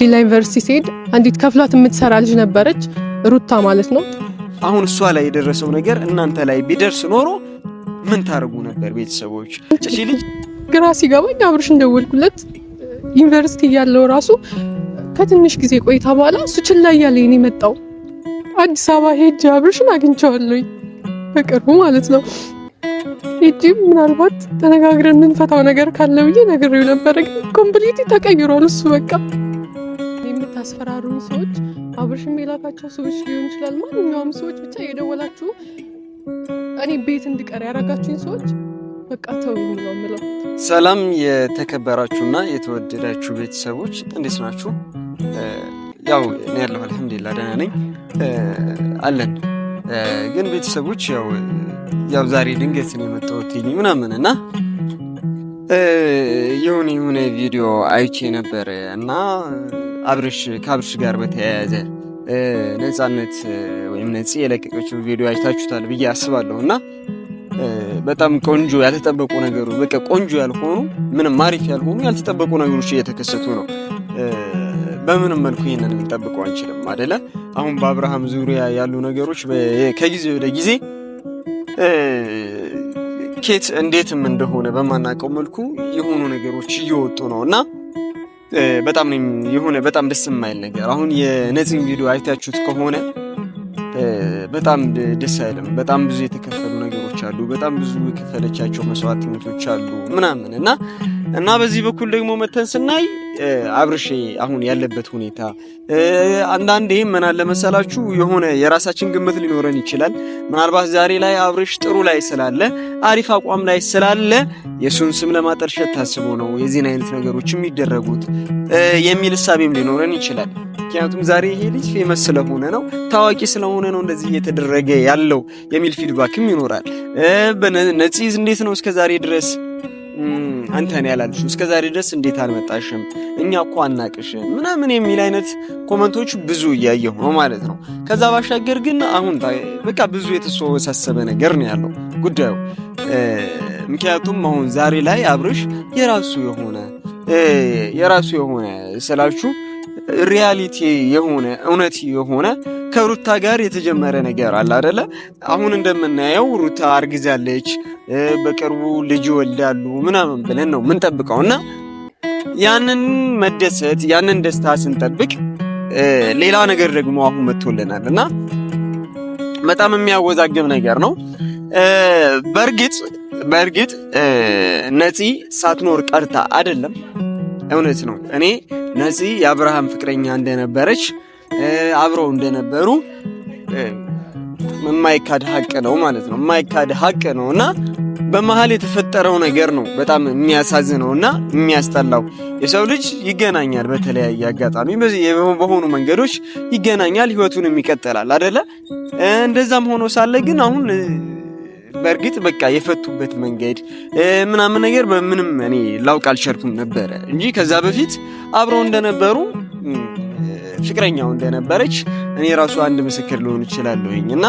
ዲላ ዩኒቨርሲቲ ሲሄድ አንዲት ከፍሏት የምትሰራ ልጅ ነበረች፣ ሩታ ማለት ነው። አሁን እሷ ላይ የደረሰው ነገር እናንተ ላይ ቢደርስ ኖሮ ምን ታደርጉ ነበር? ቤተሰቦች ልጅ ግራ ሲገባኝ አብርሽ እንደወልኩለት ዩኒቨርሲቲ ያለው ራሱ ከትንሽ ጊዜ ቆይታ በኋላ እሱ ችላ እያለ የመጣው። አዲስ አበባ ሄጅ አብርሽን አግኝቸዋለኝ በቅርቡ ማለት ነው። ሄጄ ምናልባት ተነጋግረን የምንፈታው ነገር ካለ ብዬ ነግሬው ነበረ፣ ግን ኮምፕሊት ተቀይሯል እሱ በቃ የምታስፈራሩኝ ሰዎች አብርሽም የላካቸው ሰዎች ሊሆን ይችላል። ማንኛውም ሰዎች ብቻ የደወላችሁ እኔ ቤት እንድቀር ያደረጋችሁኝ ሰዎች በቃ ተው ነው የምለው። ሰላም የተከበራችሁና የተወደዳችሁ ቤተሰቦች እንዴት ናችሁ? ያው እኔ ያለሁ አልሐምዱሊላህ ደህና ነኝ አለን። ግን ቤተሰቦች ያው ያው ዛሬ ድንገት ነው የመጣሁት ምናምን እና የሆነ የሆነ ቪዲዮ አይቼ ነበር እና አብርሽ ከአብርሽ ጋር በተያያዘ ነፃነት ወይም ነፂ የለቀቀችው ቪዲዮ አይታችሁታል ብዬ አስባለሁ እና በጣም ቆንጆ ያልተጠበቁ ነገሮች በቃ ቆንጆ ያልሆኑ ምንም አሪፍ ያልሆኑ ያልተጠበቁ ነገሮች እየተከሰቱ ነው። በምንም መልኩ ይህንን ልንጠብቀው አንችልም አደለ? አሁን በአብርሃም ዙሪያ ያሉ ነገሮች ከጊዜ ወደ ጊዜ ኬት እንዴትም እንደሆነ በማናውቀው መልኩ የሆኑ ነገሮች እየወጡ ነው እና በጣም የሆነ በጣም ደስ የማይል ነገር አሁን የነዚህን ቪዲዮ አይታችሁት ከሆነ በጣም ደስ አይልም። በጣም ብዙ የተከፈሉ ነገሮች አሉ። በጣም ብዙ የከፈለቻቸው መስዋዕትነቶች አሉ ምናምን እና እና በዚህ በኩል ደግሞ መተን ስናይ አብርሽ አሁን ያለበት ሁኔታ አንዳንዴ ምን አለ መሰላችሁ የሆነ የራሳችን ግምት ሊኖረን ይችላል። ምናልባት ዛሬ ላይ አብርሽ ጥሩ ላይ ስላለ አሪፍ አቋም ላይ ስላለ የእሱን ስም ለማጠልሸት ታስቦ ነው የዚህን አይነት ነገሮች የሚደረጉት የሚል እሳቤም ሊኖረን ይችላል። ምክንያቱም ዛሬ ይሄ ልጅ ፌመስ ስለሆነ ነው ታዋቂ ስለሆነ ነው እንደዚህ እየተደረገ ያለው የሚል ፊድባክም ይኖራል። ነጽ እንዴት ነው እስከዛሬ ድረስ አንተ ነው ያላልሽም፣ እስከ ዛሬ ድረስ እንዴት አልመጣሽም፣ እኛ እኮ አናቅሽ ምናምን የሚል አይነት ኮመንቶች ብዙ እያየሁ ነው ማለት ነው። ከዛ ባሻገር ግን አሁን በቃ ብዙ የተወሳሰበ ነገር ነው ያለው ጉዳዩ። ምክንያቱም አሁን ዛሬ ላይ አብርሽ የራሱ የሆነ የራሱ የሆነ ስላችሁ ሪያሊቲ የሆነ እውነት የሆነ ከሩታ ጋር የተጀመረ ነገር አለ አደለ? አሁን እንደምናየው ሩታ አርግዛለች፣ በቅርቡ ልጅ ይወልዳሉ ምናምን ብለን ነው ምንጠብቀው እና ያንን መደሰት ያንን ደስታ ስንጠብቅ ሌላ ነገር ደግሞ አሁን መጥቶልናል እና በጣም የሚያወዛግብ ነገር ነው። በእርግጥ በእርግጥ ነፂ ሳትኖር ቀርታ አይደለም እውነት ነው። እኔ ነፂ የአብርሃም ፍቅረኛ እንደነበረች አብረው እንደነበሩ የማይካድ ሀቅ ነው ማለት ነው። የማይካድ ሀቅ ነው እና በመሀል የተፈጠረው ነገር ነው በጣም የሚያሳዝነው እና የሚያስጠላው። የሰው ልጅ ይገናኛል በተለያየ አጋጣሚ በሆኑ መንገዶች ይገናኛል፣ ህይወቱንም ይቀጥላል አደለ? እንደዛም ሆኖ ሳለ ግን አሁን በእርግጥ በቃ የፈቱበት መንገድ ምናምን ነገር በምንም እኔ ላውቅ አልቻልኩም ነበረ እንጂ ከዛ በፊት አብረው እንደነበሩ ፍቅረኛው እንደነበረች እኔ ራሱ አንድ ምስክር ልሆን እችላለሁኝ እና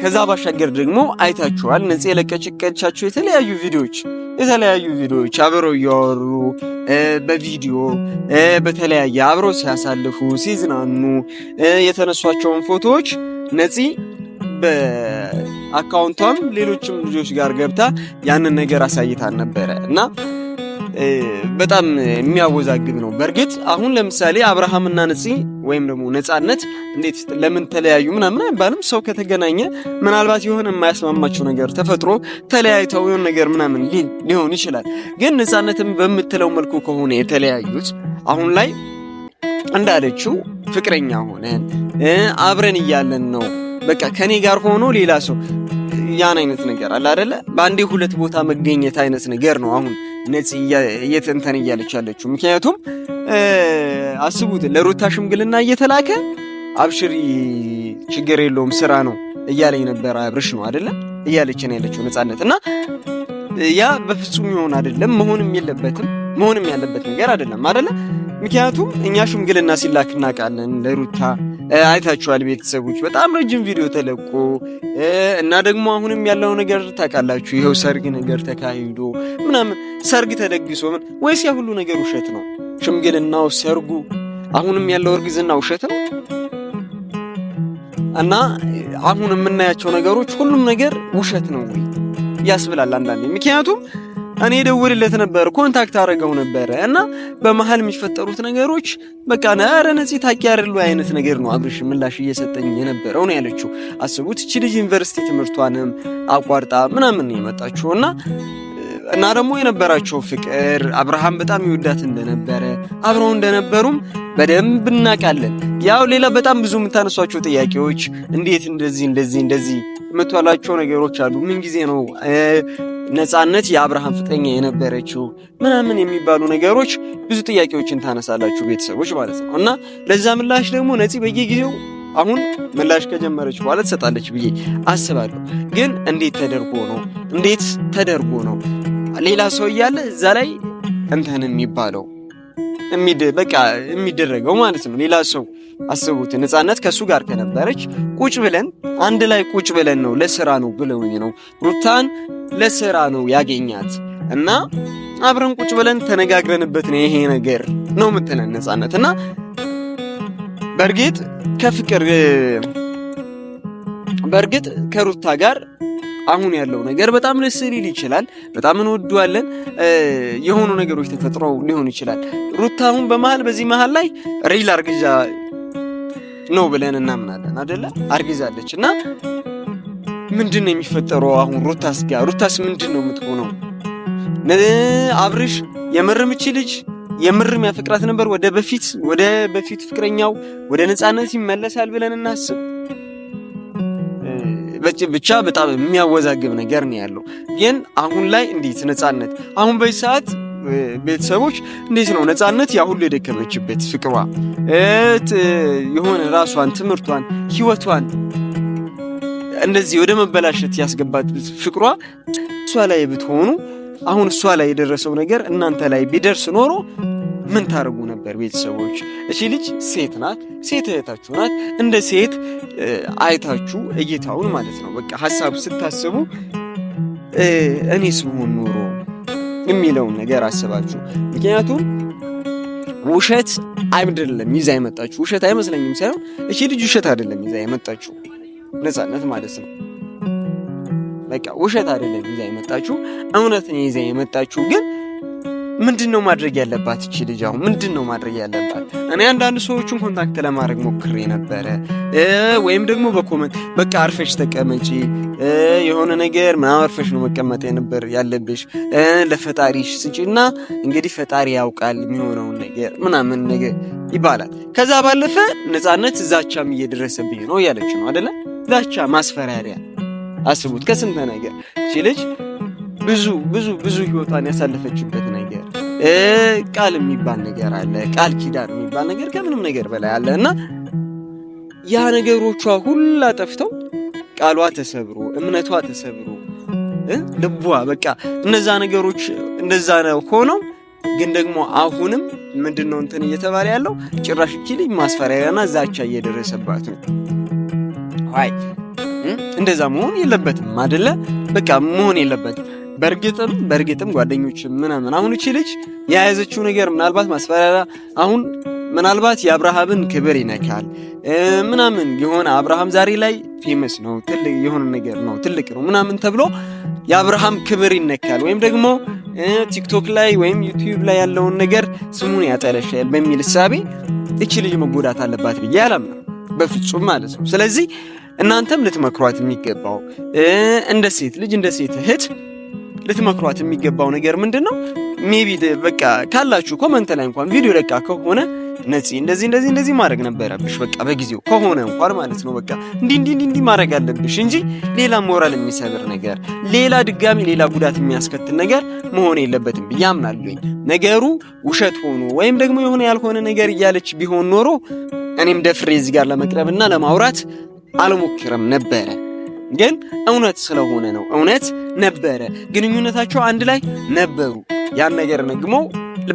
ከዛ ባሻገር ደግሞ አይታችኋል ነጽ የለቀቀቻቸው የተለያዩ ቪዲዮዎች የተለያዩ ቪዲዮዎች አብረው እያወሩ በቪዲዮ በተለያየ አብረው ሲያሳልፉ ሲዝናኑ የተነሷቸውን ፎቶዎች ነጽ በአካውንቷም ሌሎችም ልጆች ጋር ገብታ ያንን ነገር አሳይታን ነበረ እና በጣም የሚያወዛግብ ነው። በእርግጥ አሁን ለምሳሌ አብርሃምና ነፂ ወይም ደግሞ ነፃነት እንዴት ለምን ተለያዩ ምናምን አይባልም። ሰው ከተገናኘ ምናልባት የሆነ የማያስማማቸው ነገር ተፈጥሮ ተለያይተው የሆነ ነገር ምናምን ሊሆን ይችላል። ግን ነፃነትም በምትለው መልኩ ከሆነ የተለያዩት አሁን ላይ እንዳለችው ፍቅረኛ ሆነን አብረን እያለን ነው በቃ ከኔ ጋር ሆኖ ሌላ ሰው ያን አይነት ነገር አለ አደለ? በአንዴ ሁለት ቦታ መገኘት አይነት ነገር ነው። አሁን ነፂ እየተንተን እያለች ያለችው ምክንያቱም አስቡት፣ ለሩታ ሽምግልና እየተላከ አብሽሪ፣ ችግር የለውም ስራ ነው እያለኝ ነበረ። አብርሽ ነው አደለ? እያለች ነው ያለችው ነፃነት። እና ያ በፍጹም ይሆን አደለም፣ መሆንም የለበትም መሆንም ያለበት ነገር አደለም አደለ? ምክንያቱም እኛ ሽምግልና ሲላክ እናውቃለን ለሩታ አይታችኋል ቤተሰቦች፣ በጣም ረጅም ቪዲዮ ተለቆ እና ደግሞ አሁንም ያለው ነገር ታውቃላችሁ። ይኸው ሰርግ ነገር ተካሂዶ ምናምን ሰርግ ተደግሶ ምን ወይስ ያ ሁሉ ነገር ውሸት ነው? ሽምግልናው፣ ሰርጉ፣ አሁንም ያለው እርግዝና ውሸት ነው እና አሁን የምናያቸው ነገሮች ሁሉም ነገር ውሸት ነው ወይ ያስብላል አንዳንዴ ምክንያቱም እኔ ደውልለት ነበር፣ ኮንታክት አድርገው ነበረ እና በመሀል የሚፈጠሩት ነገሮች በቃ ኧረ ነፂ ታውቂያለሽ አይነት ነገር ነው አብርሽ ምላሽ እየሰጠኝ የነበረው ነው ያለችው። አስቡት እቺ ልጅ ዩኒቨርሲቲ ትምህርቷንም አቋርጣ ምናምን የመጣችው እና እና ደግሞ የነበራቸው ፍቅር አብርሃም በጣም ይወዳት እንደነበረ አብረው እንደነበሩም በደንብ እናውቃለን። ያው ሌላ በጣም ብዙ የምታነሷቸው ጥያቄዎች እንዴት እንደዚህ እንደዚህ እንደዚህ የምትሏቸው ነገሮች አሉ። ምን ጊዜ ነው ነፃነት የአብርሃም ፍቅረኛ የነበረችው ምናምን የሚባሉ ነገሮች ብዙ ጥያቄዎችን ታነሳላችሁ ቤተሰቦች ማለት ነው። እና ለዛ ምላሽ ደግሞ ነፂ በየጊዜው አሁን ምላሽ ከጀመረች በኋላ ትሰጣለች ብዬ አስባለሁ። ግን እንዴት ተደርጎ ነው እንዴት ተደርጎ ነው ሌላ ሰው እያለ እዛ ላይ እንትን የሚባለው በቃ የሚደረገው ማለት ነው። ሌላ ሰው አስቡት። ነፃነት ከእሱ ጋር ከነበረች ቁጭ ብለን አንድ ላይ ቁጭ ብለን ነው ለስራ ነው ብለውኝ ነው ሩታን ለስራ ነው ያገኛት እና አብረን ቁጭ ብለን ተነጋግረንበት ነው ይሄ ነገር ነው የምትለን ነፃነት እና በእርግጥ ከፍቅር በእርግጥ ከሩታ ጋር አሁን ያለው ነገር በጣም ደስ ሊል ይችላል። በጣም እንወደዋለን። የሆኑ ነገሮች ተፈጥረው ሊሆን ይችላል። ሩታ አሁን በመሀል በዚህ መሀል ላይ ሪል አርግዣ ነው ብለን እናምናለን። አደለ አርግዛለች እና ምንድን ነው የሚፈጠረው አሁን? ሩታስ ጋ ሩታስ ምንድን ነው የምትሆነው? አብርሽ የምርምቺ ልጅ የምርም ያፈቅራት ነበር። ወደ በፊት ወደ በፊት ፍቅረኛው ወደ ነፃነት ይመለሳል ብለን እናስብ። ብቻ በጣም የሚያወዛግብ ነገር ነው ያለው። ግን አሁን ላይ እንዴት ነፃነት አሁን በዚህ ሰዓት ቤተሰቦች እንዴት ነው ነፃነት ያ ሁሉ የደከመችበት ፍቅሯ የሆነ ራሷን ትምህርቷን ህይወቷን እንደዚህ ወደ መበላሸት ያስገባት ፍቅሯ እሷ ላይ ብትሆኑ አሁን እሷ ላይ የደረሰው ነገር እናንተ ላይ ቢደርስ ኖሮ ምን ታደርጉ ነበር? ቤተሰቦች እቺ ልጅ ሴት ናት፣ ሴት እህታችሁ ናት። እንደ ሴት አይታችሁ እይታውን ማለት ነው በቃ ሀሳብ ስታስቡ እኔ ስሆን ኖሮ የሚለውን ነገር አስባችሁ። ምክንያቱም ውሸት አይደለም ይዛ የመጣችሁ ውሸት አይመስለኝም ሳይሆን እቺ ልጅ ውሸት አይደለም ይዛ የመጣችሁ ነጻነት ማለት ነው። በቃ ውሸት አይደለም ይዛ የመጣችሁ እውነት ነው ይዛ የመጣችሁ ግን ምንድን ነው ማድረግ ያለባት እቺ ልጅ? አሁን ምንድን ነው ማድረግ ያለባት? እኔ አንዳንድ ሰዎችን ኮንታክት ለማድረግ ሞክሬ ነበረ፣ ወይም ደግሞ በኮመንት በቃ አርፈሽ ተቀመጪ የሆነ ነገር ምናምን አርፈሽ ነው መቀመጥ የነበር ያለብሽ፣ ለፈጣሪሽ ስጪ እና እንግዲህ ፈጣሪ ያውቃል የሚሆነውን ነገር ምናምን ነገር ይባላል። ከዛ ባለፈ ነፃነት ዛቻም እየደረሰብኝ ነው ያለች ነው አደለም ዛቻ፣ ማስፈራሪያ አስቡት። ከስንት ነገር እቺ ልጅ ብዙ ብዙ ብዙ ህይወቷን ያሳለፈችበት ነገር ቃል የሚባል ነገር አለ፣ ቃል ኪዳን የሚባል ነገር ከምንም ነገር በላይ አለ እና ያ ነገሮቿ ሁላ ጠፍተው ቃሏ ተሰብሮ እምነቷ ተሰብሮ ልቧ በቃ እነዛ ነገሮች እንደዛ ነው ሆነው ግን ደግሞ አሁንም ምንድን ነው እንትን እየተባለ ያለው ጭራሽ እቺ ልጅ ማስፈራሪያና ዛቻ እየደረሰባት ነው። አይ እንደዛ መሆን የለበትም አደለ? በቃ መሆን የለበትም። በእርግጥም በእርግጥም ጓደኞች ምናምን አሁን እቺ ልጅ የያዘችው ነገር ምናልባት ማስፈራሪያ አሁን ምናልባት የአብርሃምን ክብር ይነካል ምናምን የሆነ አብርሃም ዛሬ ላይ ፌመስ ነው ትልቅ የሆነ ነገር ነው ትልቅ ነው ምናምን ተብሎ የአብርሃም ክብር ይነካል ወይም ደግሞ ቲክቶክ ላይ ወይም ዩቲዩብ ላይ ያለውን ነገር ስሙን ያጠለሻል በሚል እሳቤ እቺ ልጅ መጎዳት አለባት ብዬ አላምነው በፍጹም ማለት ነው። ስለዚህ እናንተም ልትመክሯት የሚገባው እንደ ሴት ልጅ እንደ ሴት እህት ልትመክሯት የሚገባው ነገር ምንድን ነው? ሜቢ በቃ ካላችሁ ኮመንት ላይ እንኳን ቪዲዮ ለቃ ከሆነ ነፂ እንደዚህ እንደዚህ እንደዚህ ማድረግ ነበረብሽ፣ በቃ በጊዜው ከሆነ እንኳን ማለት ነው በቃ እንዲህ እንዲህ እንዲህ ማድረግ አለብሽ እንጂ ሌላ ሞራል የሚሰብር ነገር፣ ሌላ ድጋሚ ሌላ ጉዳት የሚያስከትል ነገር መሆን የለበትም ብዬ አምናለሁኝ። ነገሩ ውሸት ሆኖ ወይም ደግሞ የሆነ ያልሆነ ነገር እያለች ቢሆን ኖሮ እኔም ደፍሬ እዚህ ጋር ለመቅረብና ለማውራት አልሞክርም ነበረ ግን እውነት ስለሆነ ነው። እውነት ነበረ፣ ግንኙነታቸው አንድ ላይ ነበሩ። ያን ነገር ነግሞ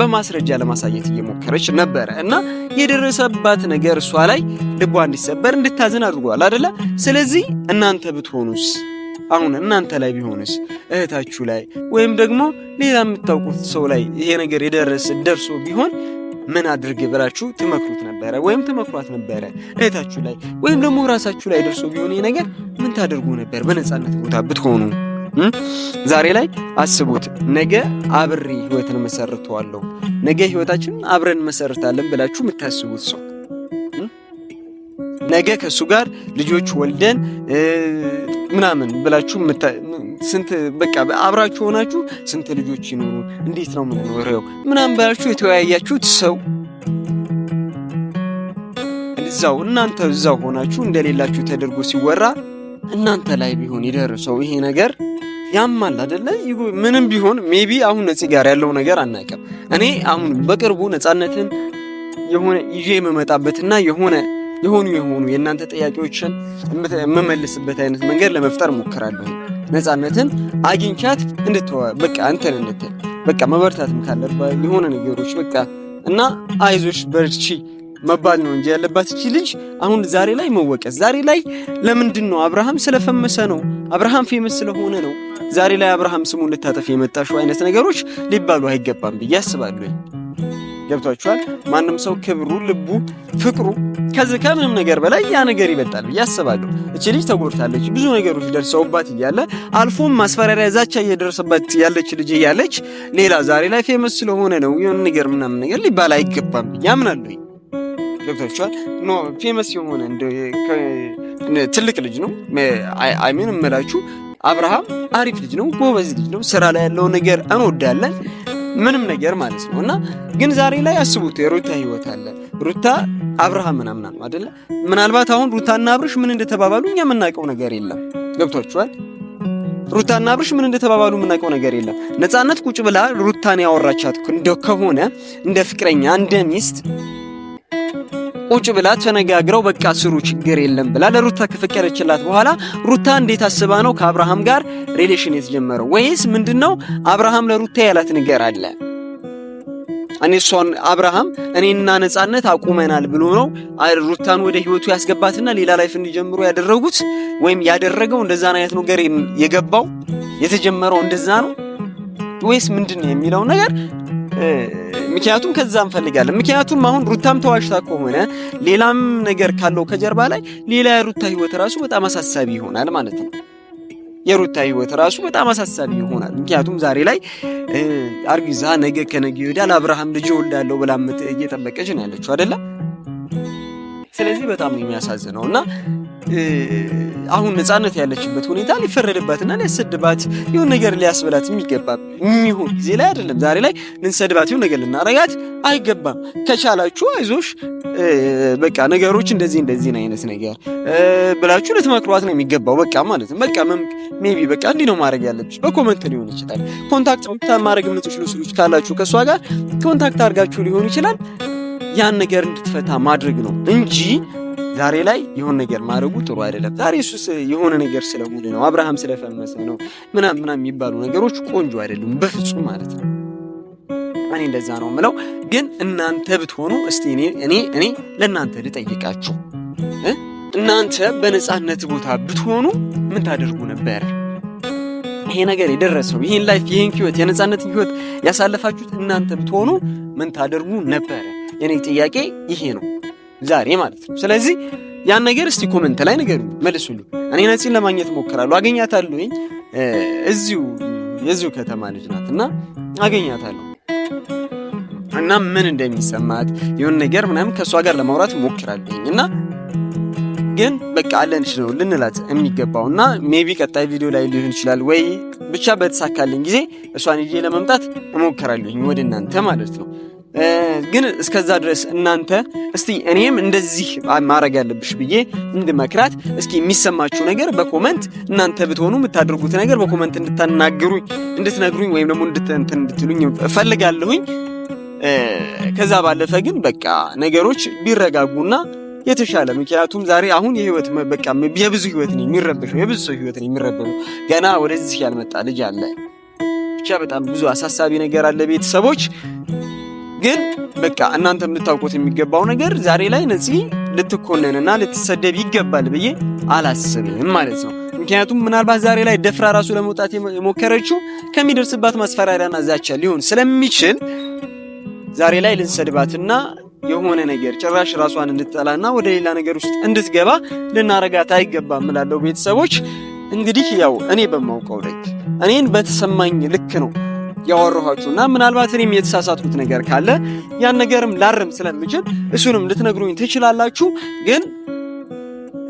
በማስረጃ ለማሳየት እየሞከረች ነበረ እና የደረሰባት ነገር እሷ ላይ ልቧ እንዲሰበር እንድታዝን አድርጓል አደለ? ስለዚህ እናንተ ብትሆኑስ? አሁን እናንተ ላይ ቢሆንስ? እህታችሁ ላይ ወይም ደግሞ ሌላ የምታውቁት ሰው ላይ ይሄ ነገር የደረሰ ደርሶ ቢሆን ምን አድርግ ብላችሁ ትመክሩት ነበረ ወይም ትመክሯት ነበረ? እህታችሁ ላይ ወይም ደግሞ ራሳችሁ ላይ ደርሶ ቢሆን ነገር ምን ታደርጉ ነበር? በነፃነት ቦታ ብትሆኑ ዛሬ ላይ አስቡት። ነገ አብሬ ህይወትን መሰርተዋለሁ፣ ነገ ህይወታችን አብረን መሰርታለን ብላችሁ የምታስቡት ሰው ነገ ከእሱ ጋር ልጆች ወልደን ምናምን ብላችሁ ስንት በቃ አብራችሁ ሆናችሁ ስንት ልጆች ይኖሩ እንዴት ነው የምንኖረው ምናምን ባላችሁ የተወያያችሁት ሰው እዛው እናንተ እዛው ሆናችሁ እንደሌላችሁ ተደርጎ ሲወራ እናንተ ላይ ቢሆን ይደርሰው ይሄ ነገር ያማል አደለ? ምንም ቢሆን ሜቢ አሁን ነፂ ጋር ያለው ነገር አናውቅም። እኔ አሁን በቅርቡ ነፃነትን የሆነ ይዤ የምመጣበትና የሆነ የሆኑ የሆኑ የእናንተ ጥያቄዎችን የምመልስበት አይነት መንገድ ለመፍጠር ሞክራለሁ። ነፃነትን አግኝቻት እንድትወ በቃ እንትን እንትን በቃ መበርታትም ካለባ የሆነ ነገሮች በቃ እና አይዞች በርቺ መባል ነው እንጂ ያለባት እቺ ልጅ አሁን ዛሬ ላይ መወቀስ ዛሬ ላይ ለምንድን ነው አብርሃም ስለፈመሰ ነው አብርሃም ፌመስ ስለሆነ ነው ዛሬ ላይ አብርሃም ስሙን ልታጠፍ የመጣሽው አይነት ነገሮች ሊባሉ አይገባም ብዬ አስባለሁ። ገብቷችኋል። ማንም ሰው ክብሩ፣ ልቡ፣ ፍቅሩ ከዚህ ከምንም ነገር በላይ ያ ነገር ይበልጣል ብዬ አስባለሁ። እች ልጅ ተጎድታለች፣ ብዙ ነገሮች ደርሰውባት እያለ አልፎም ማስፈራሪያ፣ ዛቻ እየደረሰባት ያለች ልጅ እያለች ሌላ ዛሬ ላይ ፌመስ ስለሆነ ነው የሆነ ነገር ምናምን ነገር ሊባል አይገባም ብዬ አምናለሁ። ገብቷችኋል። ኖ ፌመስ የሆነ ትልቅ ልጅ ነው አይሚን እምላችሁ አብርሃም አሪፍ ልጅ ነው፣ ጎበዝ ልጅ ነው። ስራ ላይ ያለው ነገር እንወዳለን። ምንም ነገር ማለት ነው። እና ግን ዛሬ ላይ አስቡት የሩታ ህይወት አለ ሩታ አብርሃም ምናምን ነው ምናልባት አሁን ሩታና አብርሽ ምን እንደተባባሉ እኛ የምናውቀው ነገር የለም። ገብቷችኋል? ሩታና አብርሽ ምን እንደተባባሉ የምናውቀው ነገር የለም። ነፃነት ቁጭ ብላ ሩታን ያወራቻት ከሆነ እንደ ፍቅረኛ እንደ ሚስት ቁጭ ብላ ተነጋግረው በቃ ስሩ ችግር የለም ብላ ለሩታ ከፈቀደችላት በኋላ ሩታ እንዴት አስባ ነው ከአብርሃም ጋር ሪሌሽን የተጀመረው? ወይስ ምንድን ነው አብርሃም ለሩታ ያላት ነገር አለ? እኔ እሷን አብርሃም እኔና ነጻነት አቁመናል ብሎ ነው ሩታን ወደ ህይወቱ ያስገባትና ሌላ ላይፍ እንዲጀምሩ ያደረጉት ወይም ያደረገው እንደዛን አይነት ነገር የገባው የተጀመረው እንደዛ ነው ወይስ ምንድን ነው የሚለው ነገር ምክንያቱም ከዛ እንፈልጋለን። ምክንያቱም አሁን ሩታም ተዋሽታ ከሆነ ሌላም ነገር ካለው ከጀርባ ላይ ሌላ የሩታ ህይወት ራሱ በጣም አሳሳቢ ይሆናል ማለት ነው። የሩታ ህይወት ራሱ በጣም አሳሳቢ ይሆናል። ምክንያቱም ዛሬ ላይ አርጊዛ ነገ ከነገ ወዲያ ለአብርሃም ልጅ እወልዳለሁ ብላ እየጠበቀች ነው ያለችው አይደለም። ስለዚህ በጣም ነው የሚያሳዝነው እና አሁን ነፃነት ያለችበት ሁኔታ ሊፈረድባትና ሊያሰድባት ይሁን ነገር ሊያስበላት የሚገባ የሚሆን ጊዜ ላይ አይደለም። ዛሬ ላይ ልንሰድባት ይሁን ነገር ልናረጋት አይገባም። ከቻላችሁ አይዞሽ በቃ ነገሮች እንደዚህ እንደዚህ አይነት ነገር ብላችሁ ልትመክሯት ነው የሚገባው። በቃ ማለት ነው በቃ ሜቢ በቃ እንዲህ ነው ማድረግ ያለብሽ። በኮመንት ሊሆን ይችላል። ኮንታክት ማድረግ የምትችሉ ሰዎች ካላችሁ ከእሷ ጋር ኮንታክት አድርጋችሁ ሊሆን ይችላል ያን ነገር እንድትፈታ ማድረግ ነው እንጂ ዛሬ ላይ የሆነ ነገር ማድረጉ ጥሩ አይደለም። ዛሬ እሱስ የሆነ ነገር ስለሆነ ነው፣ አብርሃም ስለፈመሰ ነው፣ ምናም ምናም የሚባሉ ነገሮች ቆንጆ አይደሉም በፍጹም ማለት ነው። እኔ እንደዛ ነው የምለው። ግን እናንተ ብትሆኑ እስቲ እኔ እኔ ለእናንተ ልጠይቃችሁ፣ እናንተ በነፃነት ቦታ ብትሆኑ ምን ታደርጉ ነበር? ይሄ ነገር የደረሰው ይህን ላይፍ ይህን ህይወት የነፃነት ህይወት ያሳለፋችሁት እናንተ ብትሆኑ ምን ታደርጉ ነበር? የኔ ጥያቄ ይሄ ነው። ዛሬ ማለት ነው። ስለዚህ ያን ነገር እስቲ ኮመንት ላይ ነገር መልሱልኝ። እኔ ነፂን ለማግኘት እሞክራለሁ፣ አገኛታለሁ። እዚሁ የዚሁ ከተማ ልጅ ናት እና አገኛታለሁ እና ምን እንደሚሰማት የሆን ነገር ምናምን ከእሷ ጋር ለማውራት እሞክራለሁ እና ግን በቃ አለንሽ ነው ልንላት የሚገባው እና ሜቢ ቀጣይ ቪዲዮ ላይ ሊሆን ይችላል ወይ ብቻ በተሳካልኝ ጊዜ እሷን ይዤ ለመምጣት እሞክራለሁኝ ወደ እናንተ ማለት ነው። ግን እስከዛ ድረስ እናንተ እስቲ እኔም እንደዚህ ማድረግ ያለብሽ ብዬ እንድመክራት እስኪ የሚሰማችሁ ነገር በኮመንት እናንተ ብትሆኑ የምታደርጉት ነገር በኮመንት እንድታናግሩኝ እንድትነግሩኝ ወይም ደግሞ እንትን እንድትሉኝ እፈልጋለሁኝ። ከዛ ባለፈ ግን በቃ ነገሮች ቢረጋጉና የተሻለ ምክንያቱም ዛሬ አሁን የህይወት በቃ የብዙ ህይወት ነው የሚረበሸው፣ የብዙ ሰው ህይወት ነው የሚረበሸው። ገና ወደዚህ ያልመጣ ልጅ አለ። ብቻ በጣም ብዙ አሳሳቢ ነገር አለ ቤተሰቦች ግን በቃ እናንተ የምታውቁት የሚገባው ነገር ዛሬ ላይ ነፂ ልትኮነንና ልትሰደብ ይገባል ብዬ አላስብም ማለት ነው። ምክንያቱም ምናልባት ዛሬ ላይ ደፍራ ራሱ ለመውጣት የሞከረችው ከሚደርስባት ማስፈራሪያና ዛቻ ሊሆን ስለሚችል ዛሬ ላይ ልንሰድባትና የሆነ ነገር ጭራሽ ራሷን እንድትጠላና ወደ ሌላ ነገር ውስጥ እንድትገባ ልናረጋት አይገባም እላለሁ። ቤተሰቦች እንግዲህ ያው እኔ በማውቀው ልክ እኔን በተሰማኝ ልክ ነው ያወራኋችሁ እና ምናልባት እኔም የተሳሳትኩት ነገር ካለ ያን ነገርም ላርም ስለምችል እሱንም ልትነግሩኝ ትችላላችሁ። ግን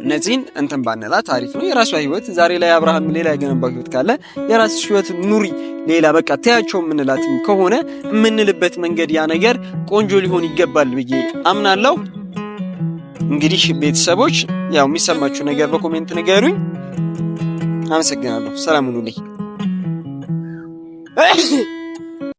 እነዚህን እንትን ባንላት አሪፍ ነው። የራሷ ህይወት ዛሬ ላይ አብርሃም ሌላ የገነባ ህይወት ካለ የራስ ህይወት ኑሪ። ሌላ በቃ ተያቸው የምንላትም ከሆነ የምንልበት መንገድ ያ ነገር ቆንጆ ሊሆን ይገባል ብዬ አምናለሁ። እንግዲህ ቤተሰቦች ያው የሚሰማችሁ ነገር በኮሜንት ንገሩኝ። አመሰግናለሁ። ሰላም ሁኑልኝ። 哎。